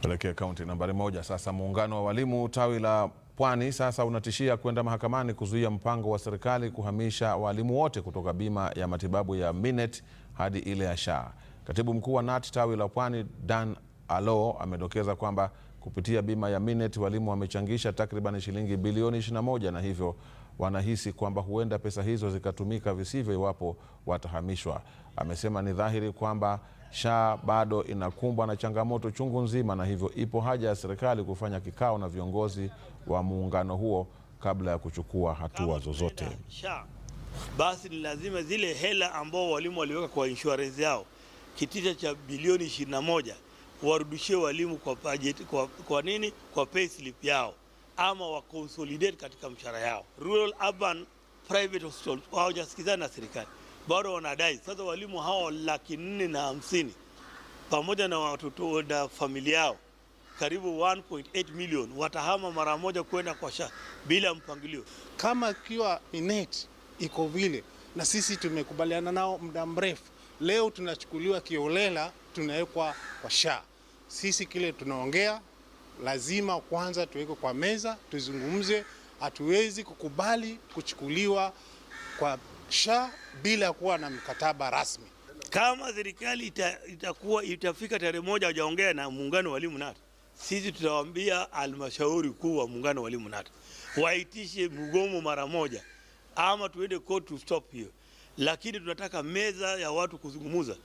Tuelekee kaunti nambari moja sasa. Muungano wa walimu tawi la Pwani sasa unatishia kwenda mahakamani kuzuia mpango wa serikali kuhamisha walimu wote kutoka bima ya matibabu ya Minet hadi ile ya SHA. Katibu mkuu wa nat tawi la Pwani Dan Alo amedokeza kwamba kupitia bima ya Minet walimu wamechangisha takriban shilingi bilioni 21 na hivyo wanahisi kwamba huenda pesa hizo zikatumika visivyo iwapo watahamishwa. Amesema ni dhahiri kwamba SHA bado inakumbwa na changamoto chungu nzima, na hivyo ipo haja ya serikali kufanya kikao na viongozi wa muungano huo kabla ya kuchukua hatua zozote. SHA basi ni lazima zile hela ambao walimu waliweka kwa insurance yao kitita cha bilioni 21 warudishie walimu kwa budget, kwa, kwa nini kwa payslip yao ama wa consolidate katika mshahara yao. Rural urban private hospitals hawajasikizana na serikali, bado wanadai. Sasa walimu hao laki nne na hamsini pamoja na watoto na familia yao karibu 1.8 million watahama mara moja kwenda kwa sha bila mpangilio. Kama ikiwa inet iko vile, na sisi tumekubaliana nao muda mrefu, leo tunachukuliwa kiolela, tunawekwa kwa sha. Sisi kile tunaongea lazima kwanza tuweke kwa meza, tuzungumze. Hatuwezi kukubali kuchukuliwa kwa sha bila kuwa na mkataba rasmi. Kama serikali ita, itakuwa itafika tarehe moja hajaongea na muungano wa walimu NATA, sisi tutawaambia halmashauri kuu wa muungano wa walimu NATA waitishe mgomo mara moja, ama tuende court to stop hiyo, lakini tunataka meza ya watu kuzungumza.